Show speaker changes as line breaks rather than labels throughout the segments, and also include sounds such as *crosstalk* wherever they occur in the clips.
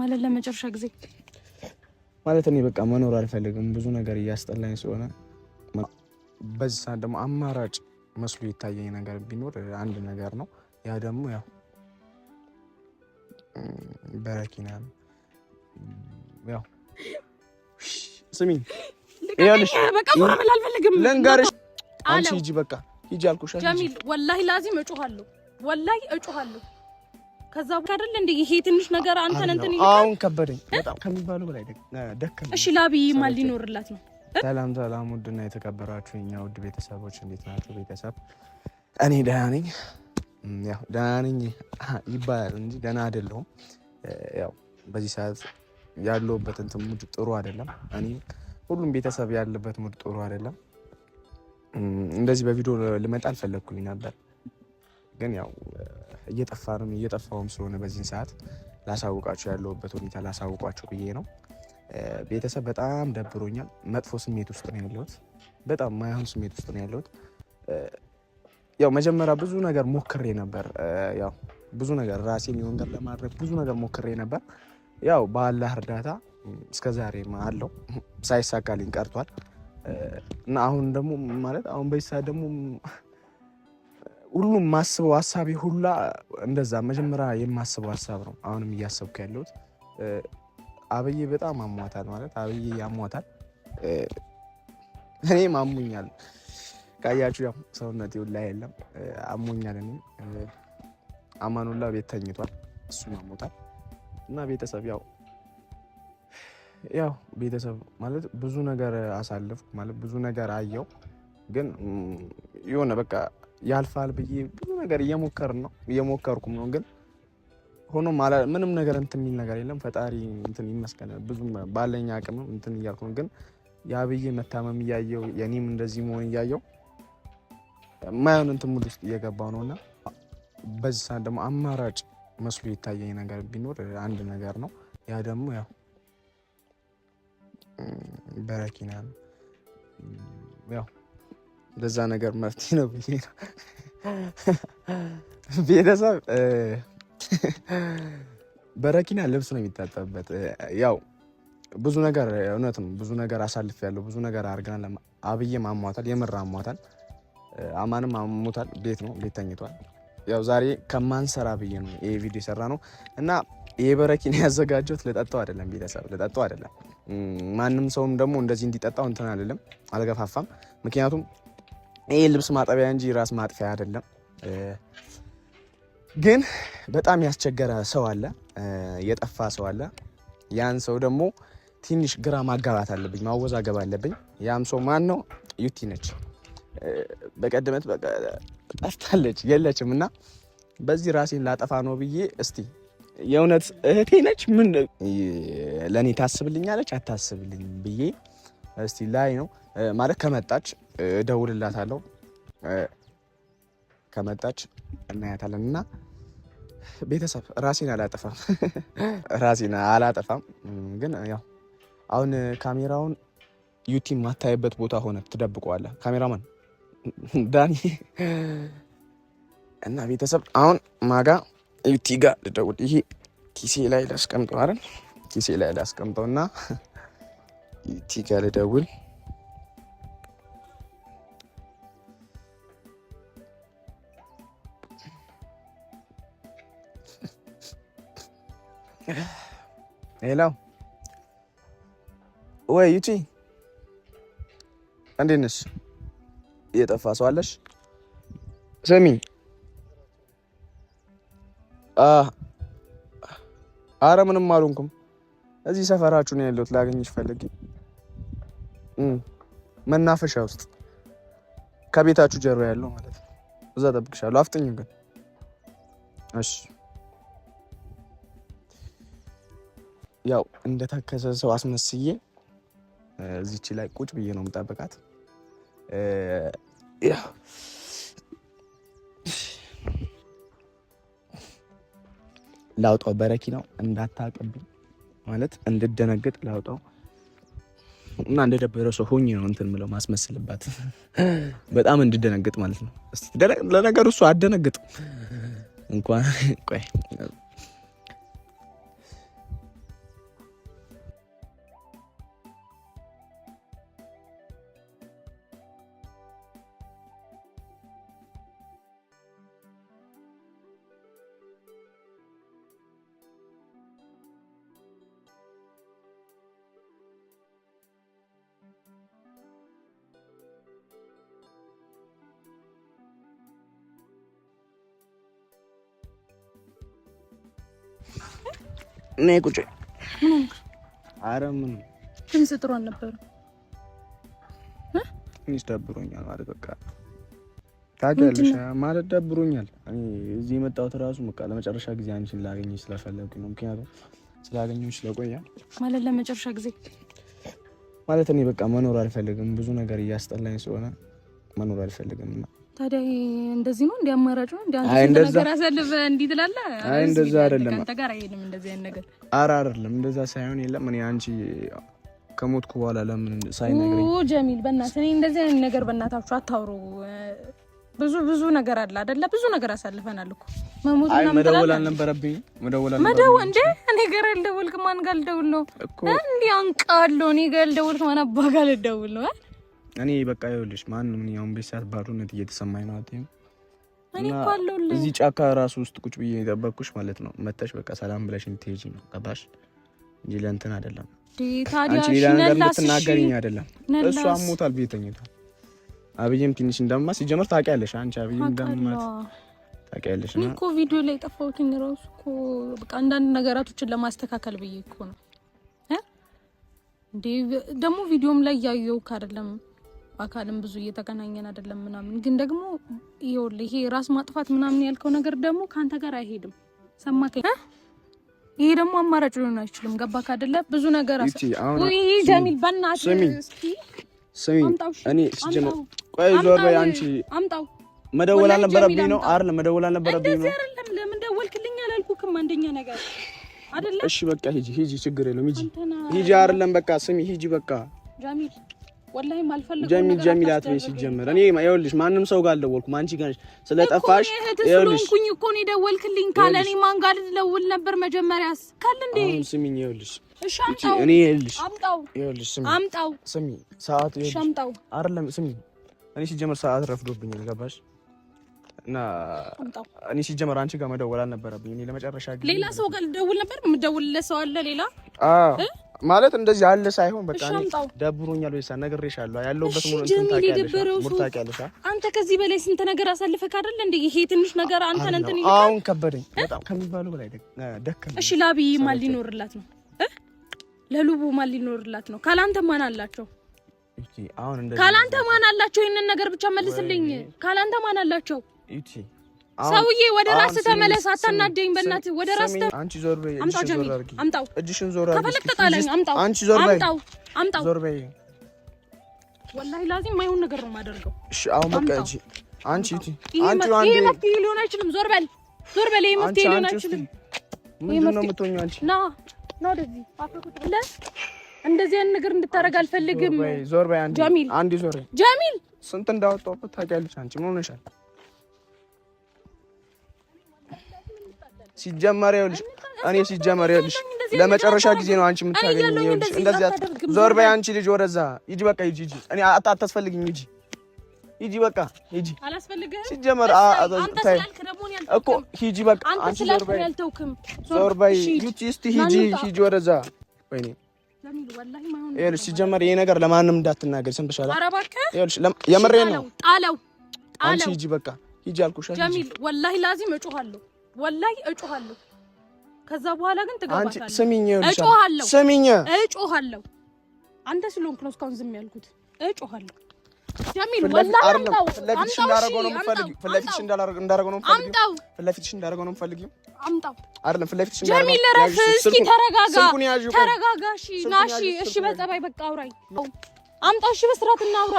ማለት ለመጨረሻ ጊዜ
ማለት እኔ በቃ መኖር አልፈልግም። ብዙ ነገር እያስጠላኝ ስለሆነ በዚህ ሰዓት ደግሞ አማራጭ መስሎ የታየኝ ነገር ቢኖር አንድ ነገር ነው። ያ ደግሞ ያው በረኪና ነው። ያው ስሚኝ ልንገርሽ፣ አንቺ ሂጂ፣ በቃ ሂጂ አልኩሽ።
ጀሚል ወላሂ ላዚም እጩሃለሁ፣ ወላሂ እጩሃለሁ ከዛ በኋላ አይደል እንዴ ይሄ ትንሽ ነገር አንተን እንትን
ይልካል። አሁን ከበደኝ በጣም ከሚባለው በላይ
ደከመኝ። እሺ ላብይ ማን ሊኖርላት ነው?
ሰላም ሰላም፣ ውድና የተከበራችሁ የኛ ውድ ቤተሰቦች እንዴት ናችሁ? ቤተሰብ እኔ ደህና ነኝ፣ ያው ደህና ነኝ ይባላል እንጂ ደህና አይደለሁም። ያው በዚህ ሰዓት ያለሁበት እንትን ሙድ ጥሩ አይደለም። እኔ ሁሉም ቤተሰብ ያለበት ሙድ ጥሩ አይደለም። እንደዚህ በቪዲዮ ልመጣ አልፈለግኩኝ ነበር ግን ያው እየጠፋንም እየጠፋውም ስለሆነ በዚህን ሰዓት ላሳውቃችሁ ያለውበት ሁኔታ ላሳውቋችሁ ብዬ ነው። ቤተሰብ በጣም ደብሮኛል። መጥፎ ስሜት ውስጥ ነው ያለሁት። በጣም ማይሆን ስሜት ውስጥ ነው ያለሁት። ያው መጀመሪያ ብዙ ነገር ሞክሬ ነበር። ያው ብዙ ነገር ራሴ የሚሆን ነገር ለማድረግ ብዙ ነገር ሞክሬ ነበር። ያው በአላህ እርዳታ እስከ ዛሬ አለው ሳይሳካልኝ ቀርቷል እና አሁን ደግሞ ማለት አሁን በዚህ ሰዓት ደግሞ ሁሉም ማስበው ሀሳቤ ሁላ እንደዛ መጀመሪያ የማስበው ሀሳብ ነው። አሁንም እያሰብኩ ያለሁት አብዬ በጣም አሟታል ማለት አብዬ ያሟታል፣ እኔም አሙኛል። ካያችሁ ያው ሰውነት ሁላ የለም አሞኛል። እኔ አማኑላ ቤት ተኝቷል፣ እሱም አሞታል። እና ቤተሰብ ያው ያው ቤተሰብ ማለት ብዙ ነገር አሳልፍ ማለት ብዙ ነገር አየው፣ ግን የሆነ በቃ ያልፋል ብዬ ብዙ ነገር እየሞከር ነው እየሞከርኩም ነው። ግን ሆኖ ምንም ነገር እንትን የሚል ነገር የለም። ፈጣሪ እንትን ይመስገን ብዙ ባለኝ አቅም እንትን እያልኩ ነው። ግን የአብዬ መታመም እያየው የኔም እንደዚህ መሆን እያየው ማየውን እንትን ሙድ ውስጥ እየገባው ነው እና በዚህ ሰዓት ደግሞ አማራጭ መስሎ የታየኝ ነገር ቢኖር አንድ ነገር ነው። ያ ደግሞ ያው በረኪና ነው ያው በዛ ነገር መፍትሄ ነው ብዬ ነው። ቤተሰብ በረኪና ልብስ ነው የሚታጠብበት። ያው ብዙ ነገር እውነት ነው፣ ብዙ ነገር አሳልፍ ያለው ብዙ ነገር አድርገናል። አብዬም አሟታል፣ የምር አሟታል። አማንም አሞታል። ቤት ነው፣ ቤት ተኝቷል። ያው ዛሬ ከማንሰራ ብዬ ነው ይሄ ቪዲዮ የሰራ ነው እና ይሄ በረኪና ያዘጋጀሁት ልጠጣው አይደለም፣ ቤተሰብ ልጠጣው አይደለም። ማንም ሰውም ደግሞ እንደዚህ እንዲጠጣው እንትን አይደለም፣ አልገፋፋም። ምክንያቱም ይህ ልብስ ማጠቢያ እንጂ ራስ ማጥፊያ አይደለም። ግን በጣም ያስቸገረ ሰው አለ፣ የጠፋ ሰው አለ። ያን ሰው ደግሞ ትንሽ ግራ ማጋባት አለብኝ፣ ማወዛገብ አለብኝ። ያም ሰው ማን ነው? ዩቲ ነች። በቀደመት ጠፍታለች፣ የለችም እና በዚህ ራሴን ላጠፋ ነው ብዬ እስቲ የእውነት እህቴ ነች ምን ለእኔ ታስብልኛለች አታስብልኝ ብዬ እስቲ ላይ ነው ማለት ከመጣች እደውልላታለሁ። ከመጣች እናያታለን እና ቤተሰብ ራሴን አላጠፋም፣ *laughs* ራሴን አላጠፋም። ግን ያው አሁን ካሜራውን ዩቲ ማታይበት ቦታ ሆነ ትደብቀዋለ ካሜራማን *laughs* ዳኒ እና ቤተሰብ አሁን ማጋ ዩቲ ጋ ልደውል። ይሄ ኪሴ ላይ ላስቀምጠው አይደል? ኪሴ ላይ ላስቀምጠው እና *laughs* ዩቲ ጋ ልደውል ሄላው ወይ ዩቲ እንዴት ነሽ? እየጠፋ ሰው አለሽ? ስሚ አረ ምንም አልሆንኩም። እዚህ ሰፈራችሁ ነው ያለሁት። ላገኝሽ ፈልጌ መናፈሻ ውስጥ ከቤታችሁ ጀርባ ያለው ማለት ነው። እዛ ጠብቅሻለሁ። አፍጥኙ ግን እሺ። ያው እንደታከሰ ሰው አስመስዬ እዚች ላይ ቁጭ ብዬ ነው የምጠብቃት። ላውጣው በረኪ ነው እንዳታቅብኝ ማለት እንድደነግጥ ላውጣው እና እንደደበረ ሰው ሆኜ ነው እንትን ምለው ማስመስልባት በጣም እንድደነግጥ ማለት ነው። ለነገሩ እሱ አደነግጥ እንኳን ቆይ እኔ ቁጭ አረ ምን
ድምፅ ጥሩ አልነበረም።
ትንሽ ደብሮኛል ማለት በቃ ታውቂያለሽ ማለት ደብሮኛል። እዚህ የመጣሁት እራሱ በቃ ለመጨረሻ ጊዜ አንቺን ላገኝ ስለፈለግኩ ነው። ምክንያቱም ስላገኘሁሽ ስለቆየ
ማለት ለመጨረሻ ጊዜ
ማለት እኔ በቃ መኖር አልፈልግም። ብዙ ነገር እያስጠላኝ ስለሆነ መኖር አልፈልግም እና
ታዲያ እንደዚህ ነው እንደ አማራጭ ነው እንደ አንተ ነገር አሳልፈ እንዲህ ትላለህ። አይ እንደዛ አይደለም፣ አንተ ጋር አይሄድም እንደዚህ አይነት ነገር።
ኧረ አይደለም እንደዛ ሳይሆን የለም። እኔ አንቺ ከሞትኩ በኋላ ለምን ሳይነግረኝ?
ኦ ጀሚል፣ በእናትህ እኔ እንደዚህ አይነት ነገር በእናታችሁ አታውሩ። ብዙ ብዙ ነገር አለ አይደለ? ብዙ ነገር አሳልፈናል እኮ
መሞት እና መደወል አልነበረብኝ።
መደወል አለ መደወል እንዴ? እኔ ጋር አልደወልክ ማን ጋር ልደውል ነው እንዴ? አንቃለሁ እኔ ጋር አልደወልክ ማን አባ ጋር ልደውል ነው?
እኔ በቃ ይኸውልሽ፣ ማንም እኔ አሁን ቤት ባዶነት እየተሰማኝ ነው። እኔ እኮ እዚህ ጫካ ራሱ ውስጥ ቁጭ ብዬ የጠበቅኩሽ ማለት ነው። መተሽ በቃ ሰላም ብለሽ እንትሄጂ ነው ገባሽ? እንጂ ለእንትን አይደለም።
አንቺ ሌላ ነገር ልትናገሪኝ አይደለም።
እሱ አሞታል፣ ቤት ተኝቷል። አብዬም ትንሽ እንደማ ሲጀምር ታውቂያለሽ። አንቺ አብዬም እንደማት ታውቂያለሽ።
እኔ እኮ ቪዲዮ ላይ የጠፋሁት እራሱ እኮ በቃ አንዳንድ ነገራቶችን ለማስተካከል ብዬ እኮ ነው። ደግሞ ቪዲዮም ላይ ያየሁት አይደለም በአካልም ብዙ እየተገናኘን አይደለም ምናምን፣ ግን ደግሞ ይኸውልህ ይሄ ራስ ማጥፋት ምናምን ያልከው ነገር ደግሞ ከአንተ ጋር አይሄድም። ሰማከኝ? ይሄ ደግሞ አማራጭ ሊሆን አይችልም። ገባክ አይደለ? ብዙ ነገር ጀሚል፣ በእናትህ
ስሚ ስሚ፣ እኔ ስጀምር ቆይ፣ ዞር በይ አንቺ። አምጣው መደወል አልነበረብኝ ነው አይደል? መደወል አልነበረብኝ
ነው። ለምን ደወልክልኝ አላልኩህም? አንደኛ ነገር
አይደለም። እሺ በቃ ሂጂ፣ ሂጂ፣ ችግር የለውም ሂጂ፣ ሂጂ። አይደለም በቃ ስሚ፣ ሂጂ በቃ
ጀሚል ወላሂ አልፈልግም።
ጀሚል ጀሚል አትበይ። ሲጀመር እኔ ይኸውልሽ ማንም ሰው ጋር አልደወልኩም። አንቺ ጋር ስለጠፋሽ
ስለሆንኩኝ እኮ ነው የደወልክልኝ። ካለ እኔ ማን ጋር ልደውል ነበር መጀመሪያስ? ካለ እንዴ
አሁን ስሚኝ፣ ይኸውልሽ እኔ ይኸውልሽ ይኸውልሽ ስሚኝ፣ አምጣው ስሚኝ፣ ሰዓት ይኸውልሽ አምጣው አይደለም ስሚኝ፣ እኔ ሲጀመር ሰዓት ረፍዶብኝ ገባሽ እና እኔ ሲጀመር አንቺ ጋር መደወል አልነበረብኝ። እኔ ለመጨረሻ
ጊዜ ሌላ ሰው ጋር ልደውል ነበር። የምደውልለት ሰው አለ ሌላ
ማለት እንደዚህ አለ ሳይሆን በቃ ደብሮኛል ወይሳ ነግሬሻለሁ። ያለሁበት ሙሉ እንትን
አንተ ከዚህ በላይ ስንት ነገር አሳልፈክ አይደል እንዴ? ይሄ ትንሽ ነገር አንተ እንትን
ይልካል። አሁን ከበደኝ በጣም ከሚባለው በላይ
ደከመኝ። እሺ ላቢ ማን ሊኖርላት ነው? ለሉቡ ማን ሊኖርላት ነው? ካላንተ ማን አላቸው? ካላንተ ማን አላቸው? ይሄንን ነገር ብቻ መልስልኝ። ካላንተ ማን አላቸው? ሰውዬ ወደ ራስ ተመለስ፣ አታናደኝ። በእናትህ ወደ ራስ
አንቺ ዞር በይ። አምጣው አምጣው። እጅሽን ዞር
ከፈለክ አምጣው፣ አንቺ ዞር በይ። አምጣው፣ አምጣው፣ ዞር በይ። ወላሂ ላዚም የማይሆን ነገር ነው የማደርገው።
እሺ አሁን በቃ እጂ አንቺ እቲ
አንቺ አንዴ ይሄ መፍትሄ ሊሆን አይችልም። ዞር በል፣ ዞር በል። ይሄ መፍትሄ ሊሆን አይችልም።
ምንድን ነው የምትሆኚው አንቺ?
ና ና፣ ወደዚህ አፈቁት እንደዚህ አይነት ነገር እንድታደርግ አልፈልግም። ዞር በይ አንዴ፣ ጀሚል፣ አንዴ ዞር በይ ጀሚል።
ስንት እንዳወጣሁበት ታውቂያለሽ አንቺ። ምን ሆነሻል? ሲጀመር ይኸውልሽ እኔ ሲጀመር ይኸውልሽ ለመጨረሻ ጊዜ ነው አንቺ የምታገኝ። ይኸውልሽ እንደዚህ ዞር በይ አንቺ ልጅ ወደዛ ሂጂ፣ በቃ ሂጂ፣ ሂጂ። እኔ አታስፈልግኝ፣ ሂጂ፣ ሂጂ፣ በቃ ሂጂ። ሲጀመር አንተ እኮ ሂጂ፣ በቃ አንቺ ዞር በይ ሂጂ፣ እስቲ ሂጂ፣ ሂጂ ወደዛ። ወይኔ ይኸውልሽ ሲጀመር ይሄ ነገር ለማንም እንዳትናገር ሰምተሻል? ይኸውልሽ የምሬን ነው። ጣለው፣ ጣለው። አንቺ ሂጂ፣ በቃ ሂጂ አልኩሽ።
ጀሚል ወላሂ ላዚም እጮሃለሁ ወላይ እጮሃለሁ። ከዛ በኋላ ግን
ትገባታለህ። አንቺ ስሚኝ፣ እጮሃለሁ፣ ስሚኝ፣
እጮሃለሁ። አንተ ስለሆንክ ነው እስካሁን ዝም ያልኩት። እጮሃለሁ ጀሚል፣ ወላሂ ነው ነው ነው አምጣው።
አይደለም እስኪ፣ ተረጋጋ፣
ተረጋጋ። እሺ፣ እሺ፣ እሺ፣ በጸባይ በቃ አውራኝ አምጣው። እሺ፣ በስርዓት እናውራ፣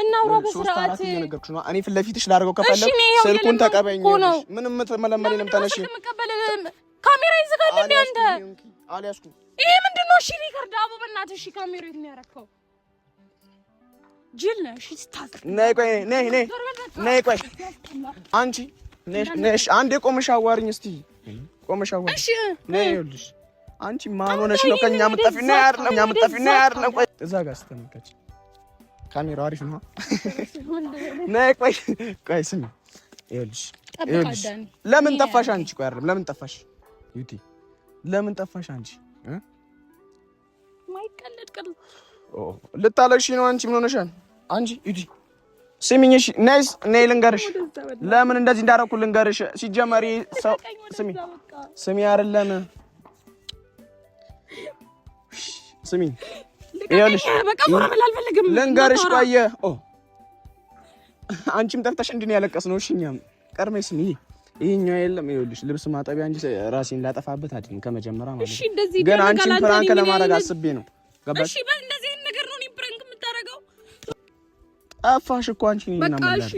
እናውራ በስርዓት እየነገርኩሽ
ነው። እኔ ፊት ለፊትሽ ላደርገው ከፈለግ ስልኩን ተቀበይኝ። ምንም ምትመለመል የለም። ተነሽ።
ካሜራ ይዘጋል እንዴ አንተ? አልያዝኩም። ይሄ ምንድን ነው? እሺ፣ ሪከርድ አቡ፣ በእናትህ እሺ። ካሜራ የት ነው ያደረከው? ጅል ነህ። እሺ፣ ትታዘዝ።
ነይ፣ ቆይ፣ ነይ፣ ነይ፣ ነይ፣ ቆይ፣ አንቺ ነሽ። አንዴ ቆመሽ አዋሪኝ እስቲ፣ ቆመሽ አዋሪኝ። እሺ፣ ነይ፣ ይኸውልሽ አንቺ ማን ሆነሽ ነው ከኛ ነው አይደለም እኛ የምትጠፊው ነው አይደለም። ቆይ እዛ ጋር ስትመከች ካሜራው አሪፍ ነው። ነይ ቆይ ቆይ፣ ስሚ፣ ይኸውልሽ ይኸውልሽ፣ ለምን ጠፋሽ አንቺ? ቆይ አይደለም፣ ለምን ጠፋሽ ዩቲ? ለምን ጠፋሽ አንቺ?
ማይቀለድ ቀል
ኦ ልታለቅሽ ነው አንቺ? ምን ሆነሻል አንቺ? ዩቲ ስሚኝ፣ ነይስ ናይስ ነይ፣ ልንገርሽ፣ ለምን እንደዚህ እንዳደረኩ ልንገርሽ። ሲጀመሪ ሰው ስሚ ስሚ፣ አይደለም ስሚ ይኸውልሽ፣ ልንገርሽ ቆየ አንቺም ጠፍተሽ እንድን ያለቀስ ነው። እሺ እኛም ቀድሜ ስሚ ይሄኛው የለም። ይኸውልሽ ልብስ ማጠቢያ እንጂ ራሴን እንዳጠፋበት አይደለም ከመጀመሪያ ማለት ነው። ግን አንቺን ፕራንክ ለማድረግ አስቤ ነው። ገባሽ? ጠፋሽ እኮ አንቺ ነኝ እና
ማለት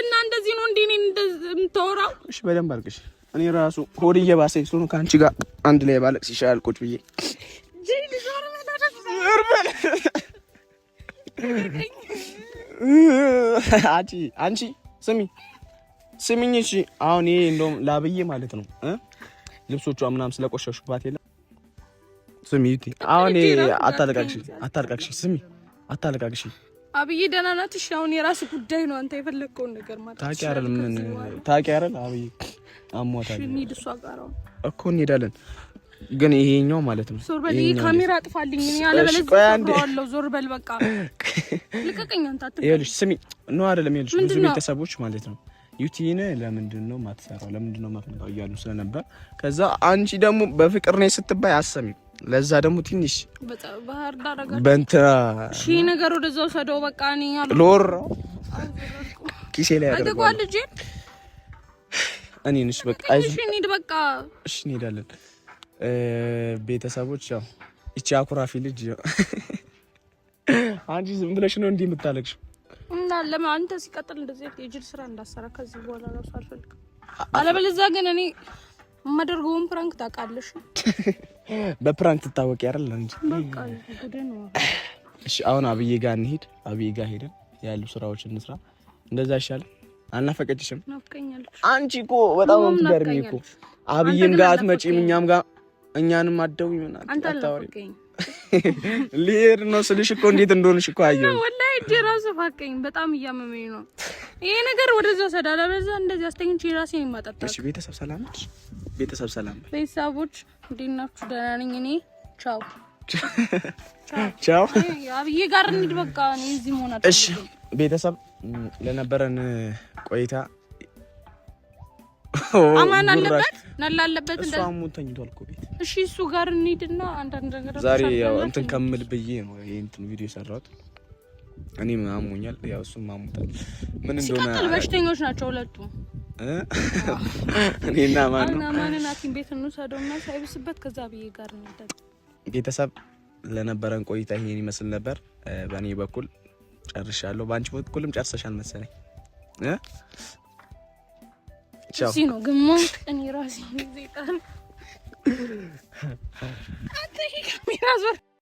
እና እንደዚህ ነው እንዴ? እኔን የምታወራው?
እሺ በደንብ አድርግሽ። እኔ ራሱ ሆድ እየባሰኝ ስለሆነ ከአንቺ ጋር አንድ ላይ ባለቅስ ይሻላል ቁጭ ብዬ አንቺ አንቺ ስሚ ስሚኝ፣ እሺ አሁን ይሄ እንደውም ላብዬ ማለት ነው ልብሶቿ ምናምን ስለቆሸሹባት የለም። ስሚ ዩቲ፣ አሁን አታለቃቅሽ፣ አታለቃቅሽ፣ ስሚ አታለቃቅሽ።
አብዬ ደህና ናት። እሺ አሁን የራስ ጉዳይ ነው። አንተ የፈለግከውን ነገር ማለት
ታውቂ አይደል? ምን ታውቂ አይደል? አብዬ አሟታል እኮ እንሄዳለን ግን ይሄኛው ማለት ነው።
ዞር በል ካሜራ አጥፋልኝ። ዞር በል በቃ *laughs* ልቀቀኝ። አንተ
ይኸውልሽ ስሚ ነው አይደለም። ይኸውልሽ ብዙ ቤተሰቦች ማለት ነው ዩቲን ለምንድን ነው ማትሰራው ለምንድን ነው ማትመጣው እያሉ ስለነበር ከዛ አንቺ ደግሞ በፍቅር ነው ስትባይ አሰሚ ለዛ ደግሞ ትንሽ በእንትና
ሺ ነገር ወደዛው ሰደው በቃ
ሎር ኪሴ ላይ ያደርገዋል። እኔ ነሽ በቃ እሺ እንሄዳለን ቤተሰቦች ያው እቺ አኩራፊ ልጅ *laughs* አንቺ ዝም ብለሽ ነው እንዲህ የምታለቅሽ?
እና ለምን አንተ ሲቀጥል እንደዚህ የጅል ስራ እንዳሰራ ከዚህ በኋላ ራሱ አልፈልግም። አለበለዚያ ግን እኔ የማደርገውን ፕራንክ ታውቃለሽ፣
*laughs* በፕራንክ ትታወቂ አይደል እንጂ እሺ። አሁን አብዬ ጋር እንሂድ። አብዬ ጋር ሄደን ያሉ ስራዎች እንስራ። እንደዛ ይሻል። አናፈቀችሽም? አንቺ እኮ በጣም ነው የምትገርሚው እኮ። አብዬም ጋር አትመጪም እኛም ጋር እኛንም አደው ይሆናል አታወሪ ሊሄድ ነው ስልሽ እኮ እንዴት እንደሆንሽ እኮ
አየሁ። ወላሂ እጄ ራሱ ፋቀኝ፣ በጣም እያመመኝ ነው። ይሄ ነገር ወደዛ ሰዳላ በዛ እንደዚህ አስተኝቼ ራሴ ነው የማጠጣ።
እሺ ቤተሰብ ሰላም ነች? ቤተሰብ ሰላም
ነች? ቤተሰቦች እንዴት ናችሁ? ደህና ነኝ እኔ። ቻው ቻው። አብዬ ጋር እንሂድ በቃ። እኔ እዚህ መሆን
አልፈልግም። እሺ ቤተሰብ ለነበረን ቆይታ
አማን አለበት ናላ አለበት
እንደዛ እሷም ተኝቷል እኮ ቤት።
እሺ እሱ ጋር እንሂድና አንዳንድ
ነገር ዛሬ ያው እንትን ከምል ብዬ ነው ይሄ እንትን ቪዲዮ የሰራሁት። እኔም አሞኛል፣ ያው እሱም አሞታል። ምን እንደሆነ ሲቀጥል
በሽተኞች ናቸው ሁለቱም። እኔና ማን ነው አማንን ሐኪም ቤት እንውሰደውና ሳይብስበት ከዛ ብዬ ጋር እንሂድ።
ቤተሰብ ለነበረን ቆይታ ይሄን ይመስል ነበር። በእኔ በኩል ጨርሻለሁ፣ በአንቺ በኩልም ጨርሰሻል መሰለኝ።
ነው ግማሽ ቀን የራሴ